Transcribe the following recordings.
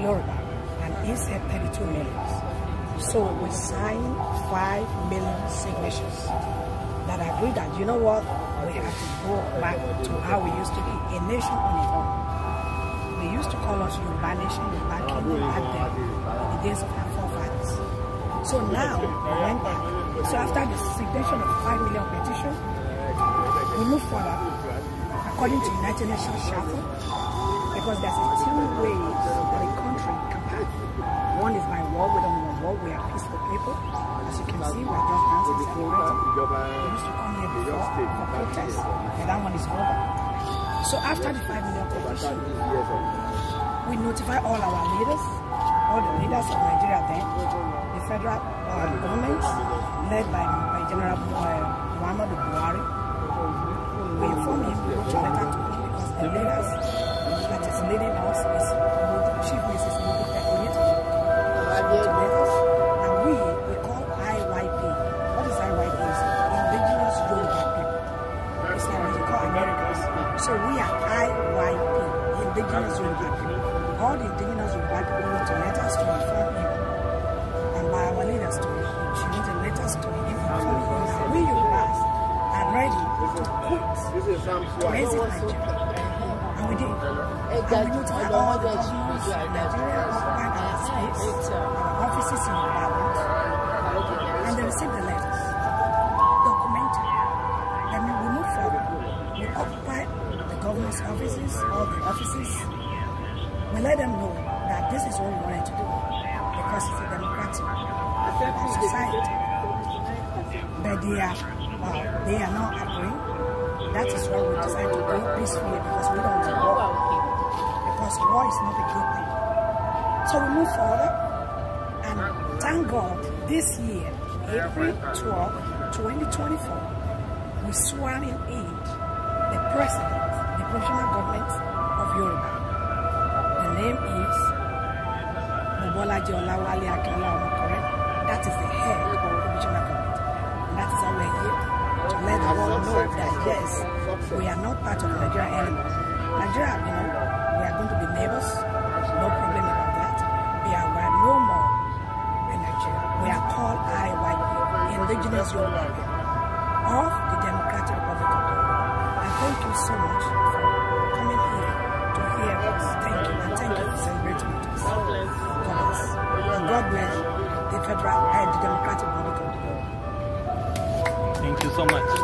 Yoruba, and he said 32 million. So we signed 5 million signatures that agree that, you know what, we have to go back to how we used to be, a nation on its own. They used to call us Yoruba Nation, Yoruba Kingdom, back then, in the days of our forefathers. So now, we went back. So after the signature of 5 million petition, we moved forward according to United Nations Charter because there's two ways that a country can pass. One is by war, we don't want war, we are peaceful people. As you can see, we are just dancing, celebrating. We used to come here before for protest, and that one is over. So after the 5 million petition, we notify all our leaders, all the leaders of Nigeria then, the federal uh, government, led by, by General uh, Muhammad Buhari, we inform him, we wrote a to do because the leader lady house is Chief Mrs. Mokita Oyetish. And we, we call IYP. What is IYP? Indigenous Yoruba people. It's like we call Americans. So we are IYP, Indigenous Yoruba people. All the indigenous Yoruba people need to let us to inform him. And by our leaders to inform she needs to let us to him. We Yorubas are ready to put, to raise it Nigeria that I do Offices in Ireland. And they received the letters, documented. Then we move forward. We occupy the governor's offices, all the offices. We let them know that this is what we wanted to do because it's a democratic society. But they are, they are not agreeing. That is why we decided to do peacefully because we don't want. to war is not a good thing. So we move forward and thank God this year, April 12, 2024, we sworn in aid the president, the provisional government of Yoruba. The name is Mobolaji Olawale Akala correct? That is the head of the provisional government. And that is how we are here to let the world know that yes, we are not part of Nigeria anymore. Nigeria, you know, neighbors. No problem about that. We are one no more in Nigeria. We are called IYP, Indigenous Yoruba people of the Democratic Republic of Congo. I thank you so much for coming here to hear us. Thank you and thank you for celebrating with us. God bless. And God bless the Federal and uh, the Democratic Republic of Congo. Thank you so much.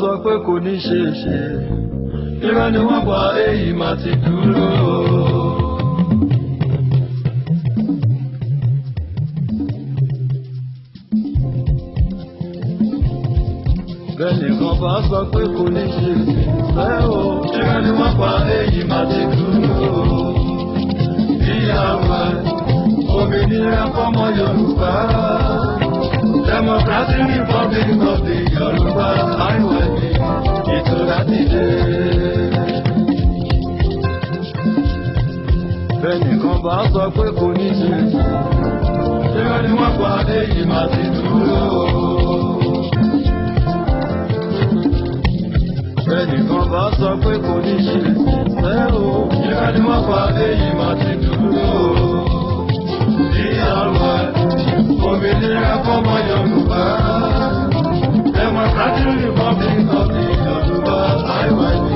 sọ pé kò ní ṣe é ṣe irọ́ ni wọ́n pa èyí máa ti dúró. bẹ́ẹ̀nìkan bá sọ pé kò ní ṣe fẹ́ o irọ́ ni wọ́n pa èyí máa ti dúró. ìyàwó òmìnira fọmọ Yorùbá democratic republic of the Yorùbá highway ìtura ti dé. bẹ́ẹ̀ni kan bá sọ pé kò ní ṣe ṣé wọ́n ní wọ́n pàdé yìí máa ti dúró. bẹ́ẹ̀ni kan bá sọ pé kò ní ṣe ṣé o ṣé wọ́n ní wọ́n pàdé yìí máa ti dúró. ìyàwó òmìnira fọmọ Yorùbá democratic republic of Lord, I wait.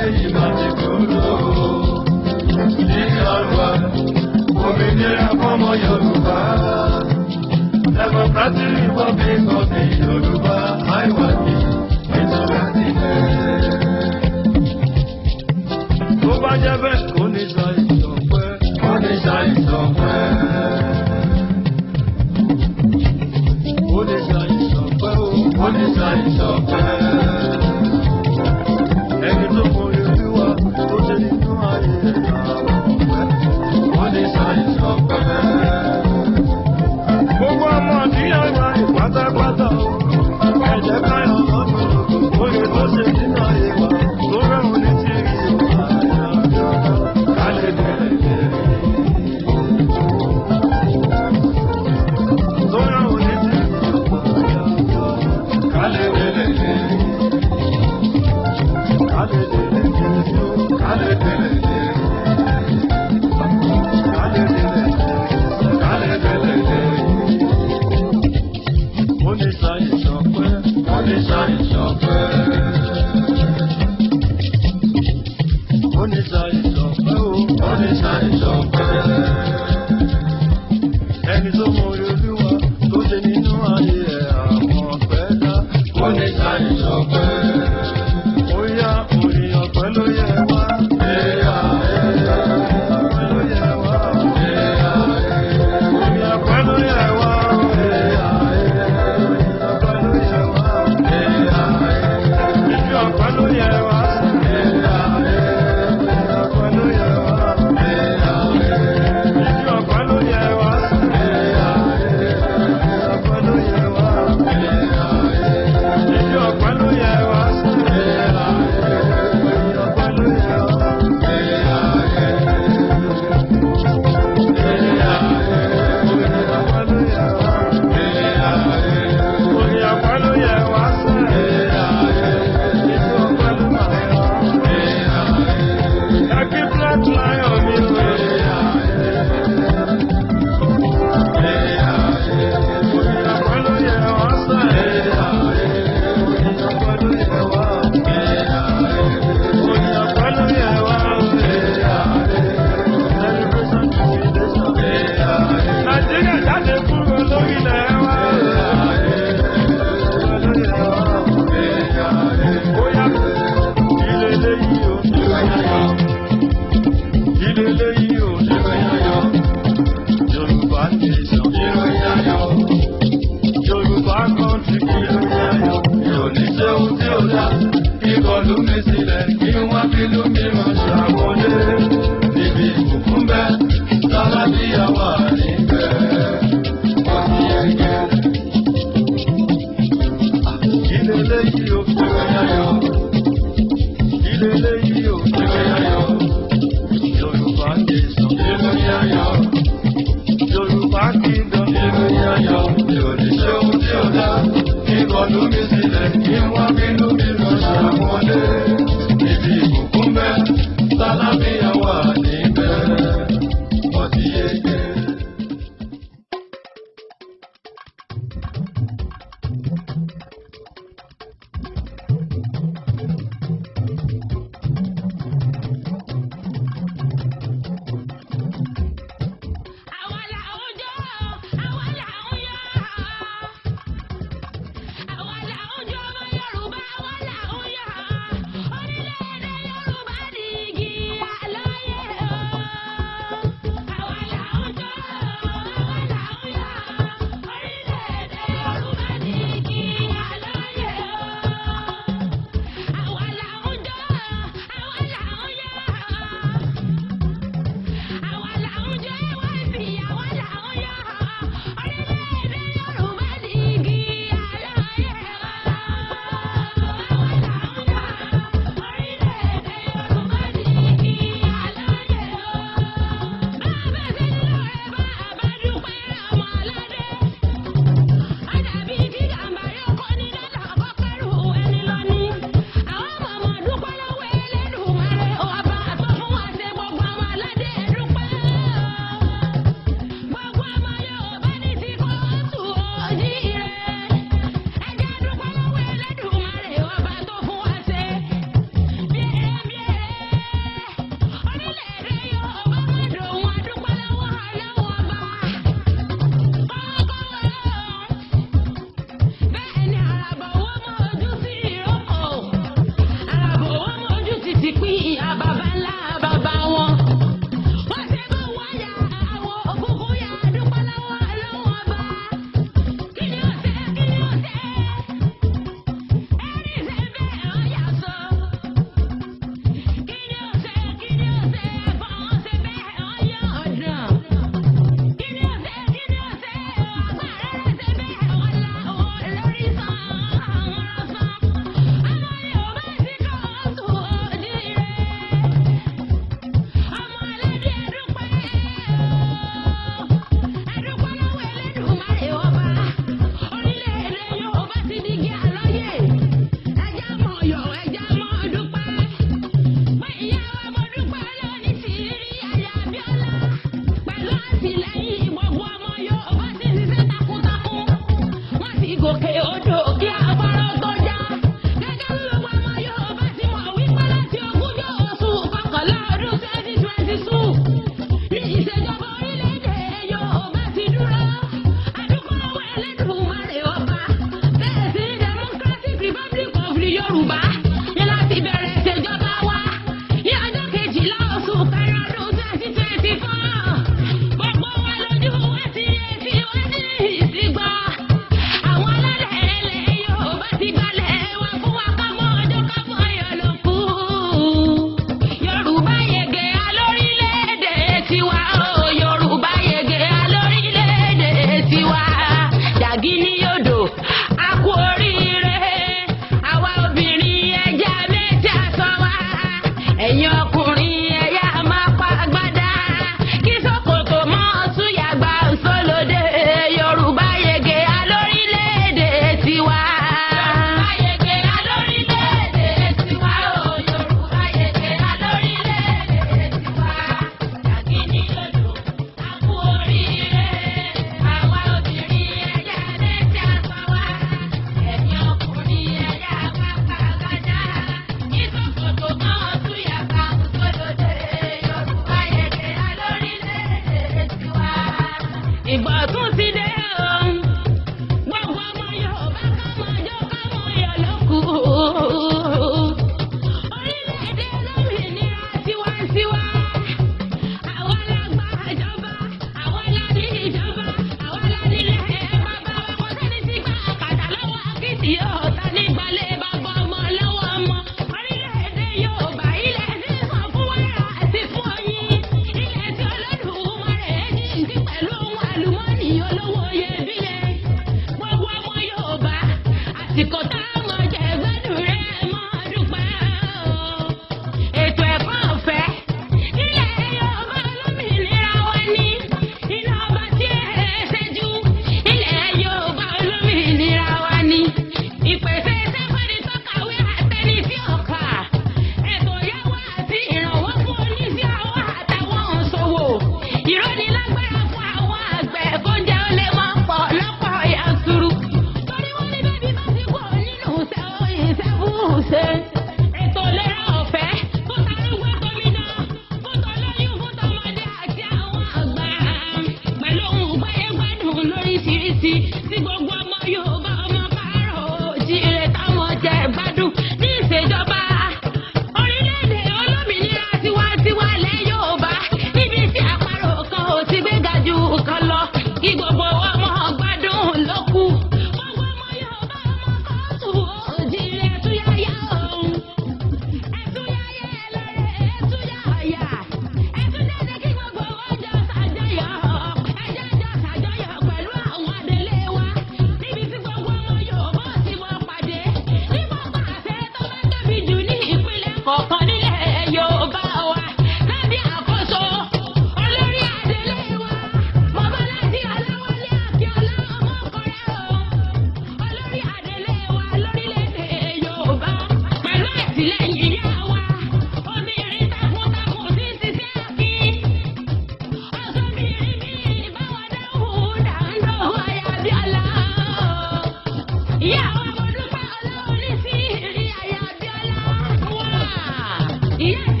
Yeah.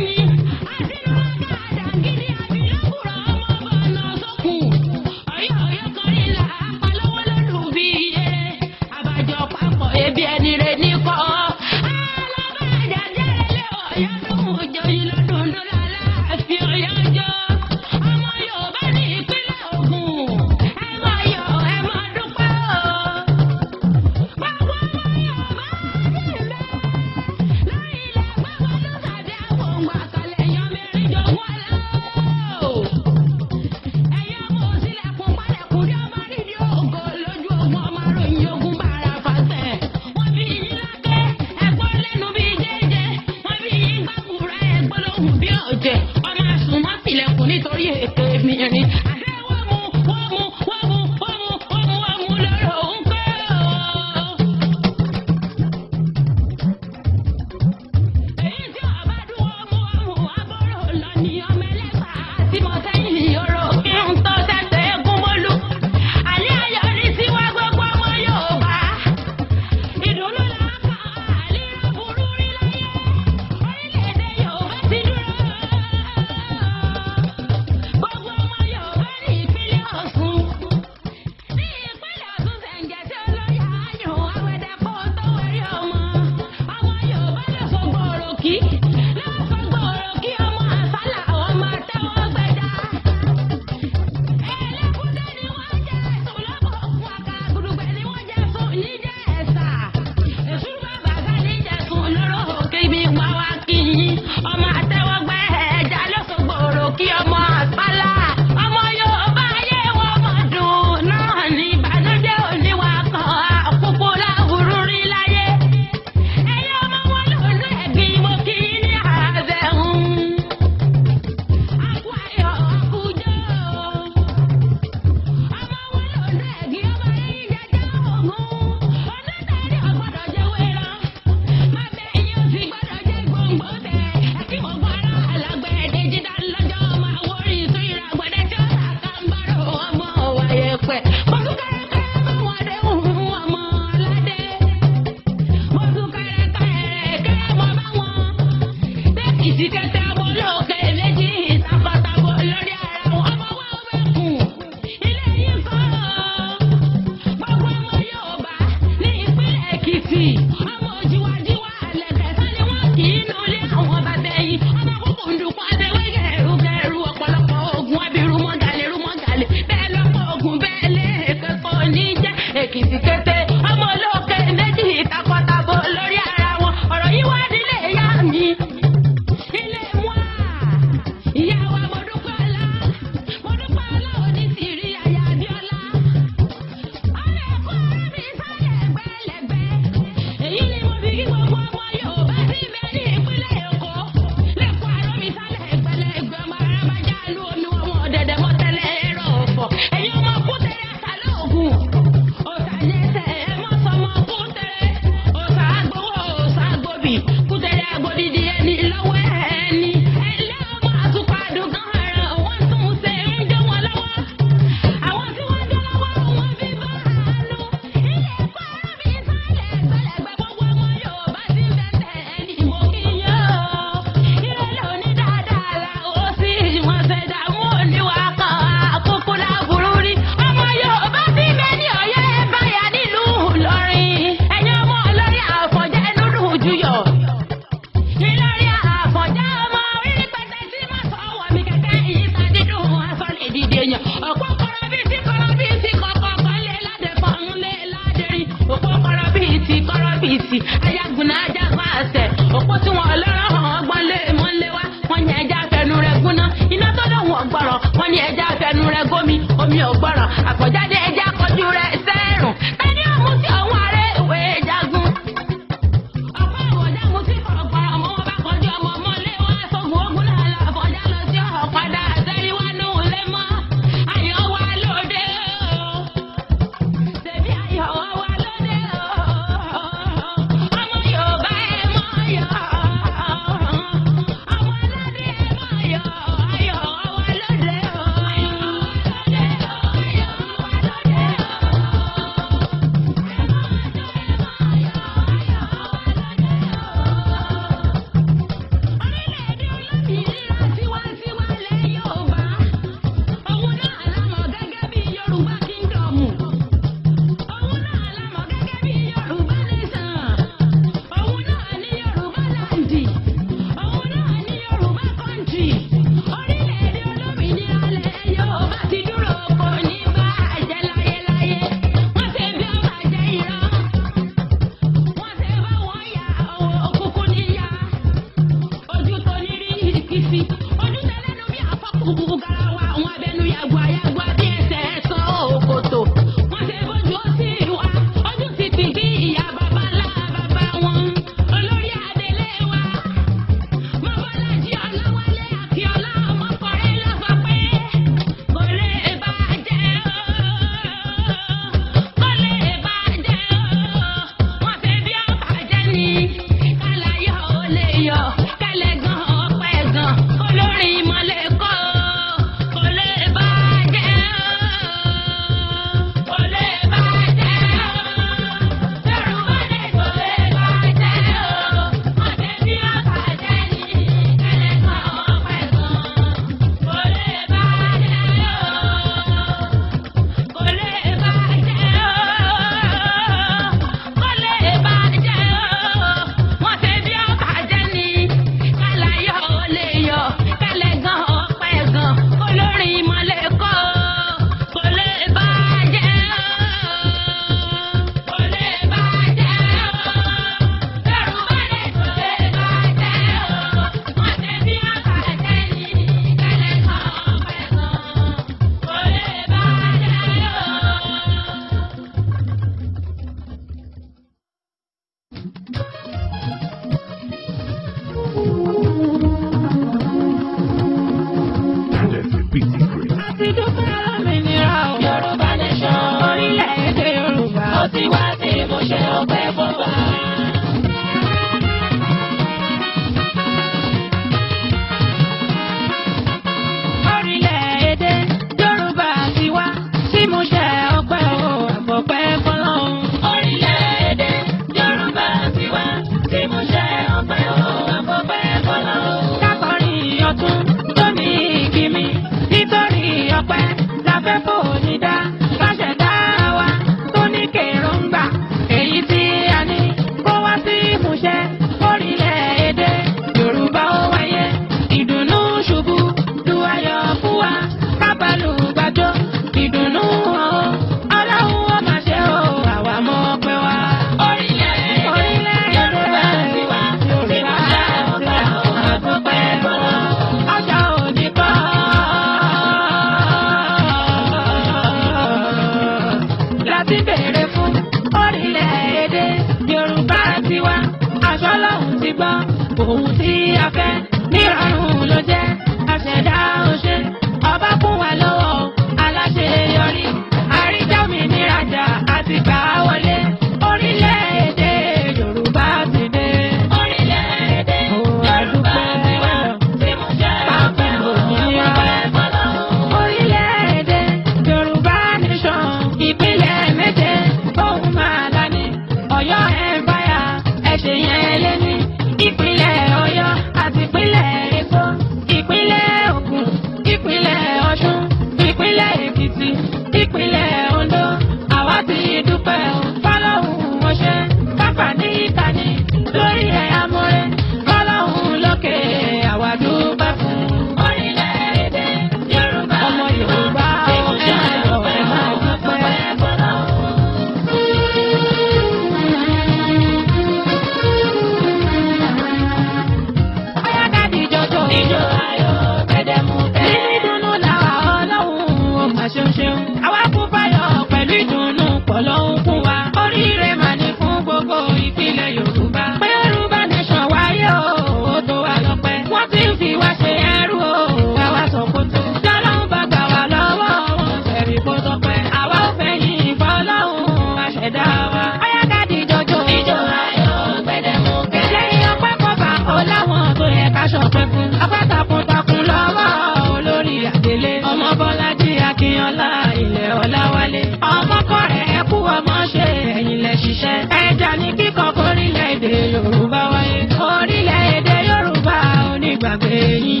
gbàgbé yín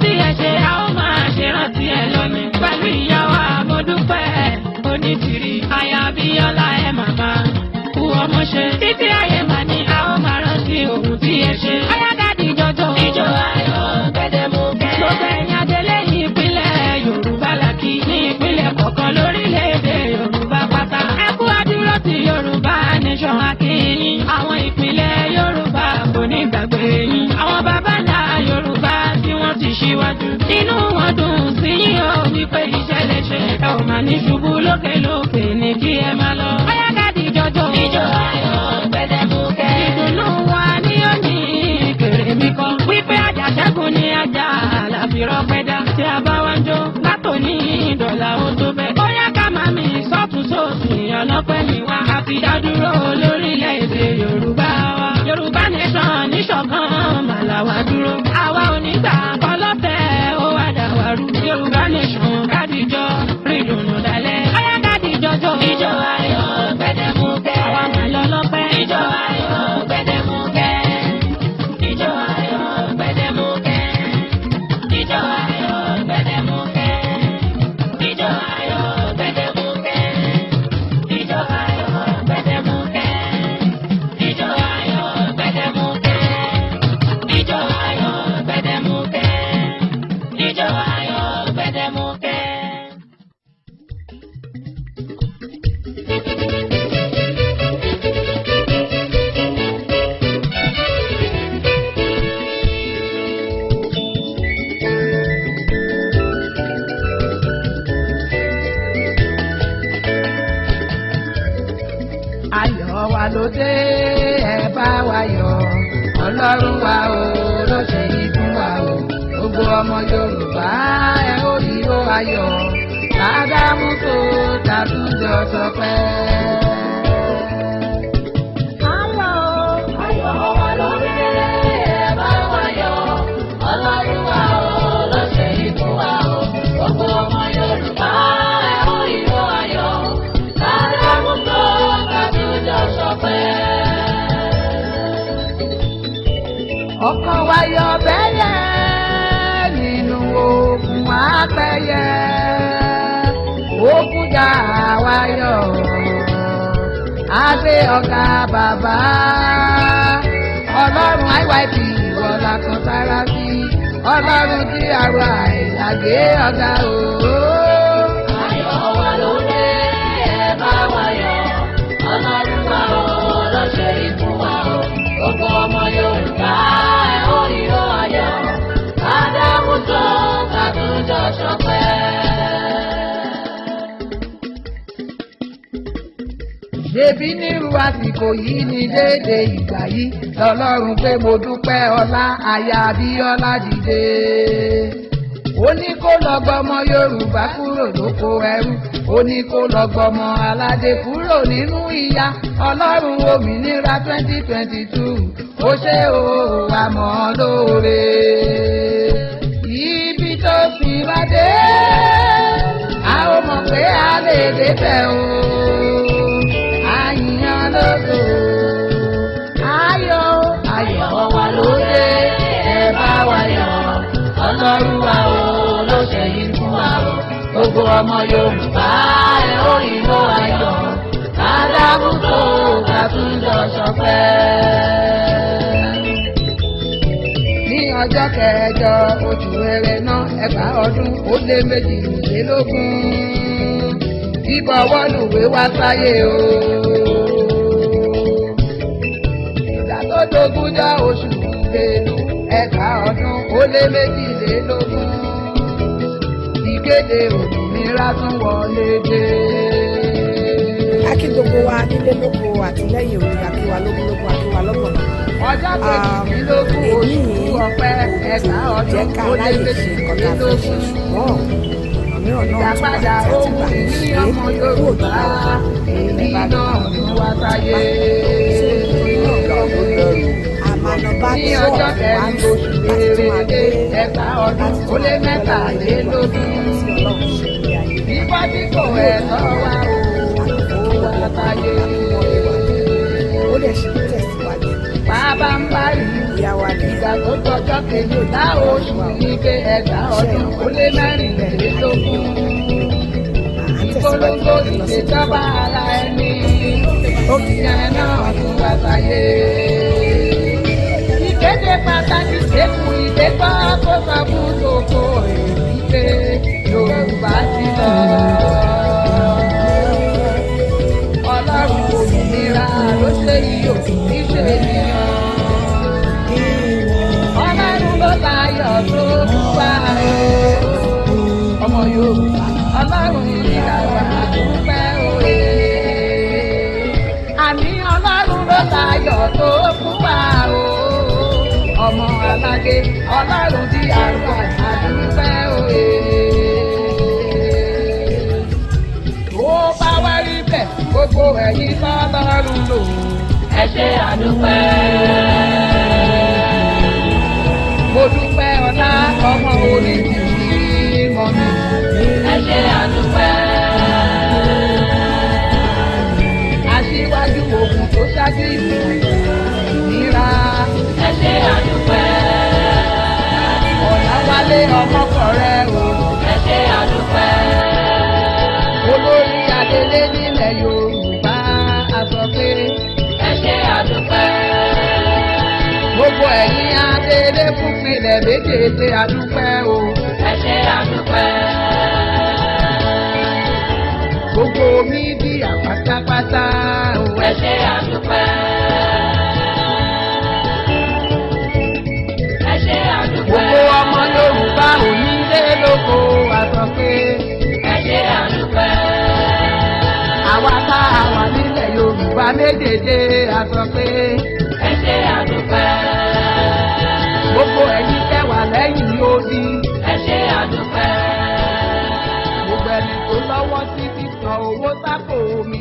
tí ẹ ṣe a ó máa ṣe rántí ẹ lónìí pẹ̀lú ìyá wa mo dúpẹ́ onítìrí aya Abíọ́lá ẹ màmá kú ọmọ ṣe títí ayé màá ní a ó máa rántí ohun tí ẹ ṣe. ọyá dáàdi jọjọ ìjọ ayọ̀ gbẹdẹmukẹ gbogbo ẹ̀yin adélé ní ìpínlẹ̀ Yorùbá làkì ní ìpínlẹ̀ kọ̀ọ̀kan lórílẹ̀-èdè Yorùbá pátá ẹ kú adúró ti Yorùbá nation akínyìn àwọn ìpínlẹ̀ Yorùbá kò ní gbàgbé àwọn bá síwájú. inú wọn dùn sí yín o wípé ìṣẹ̀lẹ̀ ṣe ẹ ò máa ní ṣubú lókè lókè ní kí ẹ máa lọ. bóyá ká di jọjọ. ìjọ ayọ̀ gbẹdẹmukẹ. ìdùnnú wa ni ó ní ìkèrè mi kọ. wípé ajá ṣẹ́gun ni ajá àlàfi rọpẹ́dá. tí a bá wá ń jó látòní ìdọ̀là ó tó bẹ́ẹ̀. bóyá ká máa mi sọ́tún sóòsì ọlọ́pẹ́ mi wá. a fi dá dúró lórílẹ̀‐èdè Yorùbá wa. Yorùbá nation níṣọ̀kan màlàwá dúró. àwa ò ní gbà kọ́ òde ògbà lè sùn kádìjọ rìndùnú dalẹ̀. ọ̀yá kádìjọ jó ijó. àgbé ọ̀gá bàbá ọlọ́run iyp ìwọ̀lá kan sára sí ọlọ́run tí àrùn àìlàgbé ọ̀gá òó. ṣebí nírú àsìkò yìí ni déédé ìgbà yìí lọ́lọ́run pé mo dúpẹ́ ọlá aya Abíọ́lá dìde. ó ní kó lọ́gbọ́mọ Yorùbá kúrò lóko ẹrú ó ní kó lọ́gbọ́mọ aládé kúrò nínú ìyà ọlọ́run òmìnira twenty twenty two ó ṣe o àmọ́ lóore. ibi tó sì bá dé a ó mọ̀ pé a lè débẹ̀ o. ẹ bá wa yọ̀ ọlọ́run o ló ṣẹ̀yìn fún wa o gbogbo ọmọ Yorùbá ẹ ó ìlú ayọ̀ adágúntò kàtúndọ̀ ṣọpẹ́. ní ọjọ́ kẹjọ oṣù Ẹrẹ̀nà ẹgbàá ọdún ó lé méjìlélógún bíbọwọ́ lùwé wá sáyé o. ìgbà tó dogúnjọ́ oṣù ìgbèlú ẹgbàá ọdún ó lé méjìlélógún ìkéde òmìnira tún wọlé dé. akíngbogbo wa nílé lóko àtìlẹ́yìn òun àkíwá lógúnlógún àkíwá lọ́gbọ̀nà. ọjọ́ kejìlélógún oṣù ọ̀pẹ ẹgbàá ọdún ó lé méjìlélógún ìdápadà ohun ìní ọmọ yorùbá èyí náà ló wá sáyé máa lọ bá ní ọjọ́ kẹrin oṣù kéré ẹ̀ta ọdún ó lé mẹ́tàlélógún. Ìbá tí kò ẹ̀tọ́ wa ó wà láyé. Ó lè ṣe tẹ̀síwájú. Bàbá ń bá ìlú ìgbà tó tọjọ́ kejì ọ̀tá oṣù nígbè ẹ̀ta ọdún ó lé mẹ́rìnlélógún. Ìpolongo ìṣèjọba ara ẹni. Ó kìí ẹ̀ náà tún wá sáyé pàtàkì sẹ́kù ìdẹ́gbà tó sàbùsòkò èyí pé Yorùbá ti lọ. Ọlọ́run òmìnira ló ṣe iyò níṣe ènìyàn. Ọlọ́run ló tayọ̀ tó kú wá o. Ọmọ Yorùbá Ọlọ́run ìdàgbà dúpẹ́ òye. Àní Ọlọ́run ló tayọ̀ tó kú alágé ọlọ́run tí a rọ àdúpẹ́ òye. ó bá wá rí bẹ́ẹ̀ gbogbo ẹ̀yin tọ́lọ́run lò. ẹ ṣe àdúpẹ́. ọmọkọ rẹ o. ẹ ṣe àdúpẹ́. olórí adelé nílẹ̀ yorùbá a sọ pé. ẹ ṣe àdúpẹ́. gbogbo ẹ̀yin adelé fún pilẹ̀ méjèèjì àdúpẹ́ o. ẹ ṣe gbogbo mi bí àpátápátá o. ẹ ṣe oko àtọ̀kẹ́. ẹ ṣe àdúpẹ́. àwa tá a wà nílẹ̀ Yorùbá méjèèjì àtọ̀kẹ́. ẹ ṣe àdúpẹ́. gbogbo ẹ̀yin tẹ́ wà lẹ́yìn odi. ẹ ṣe àdúpẹ́. gbogbo ẹni tó lọ́wọ́ sí títàn owó sápò omi.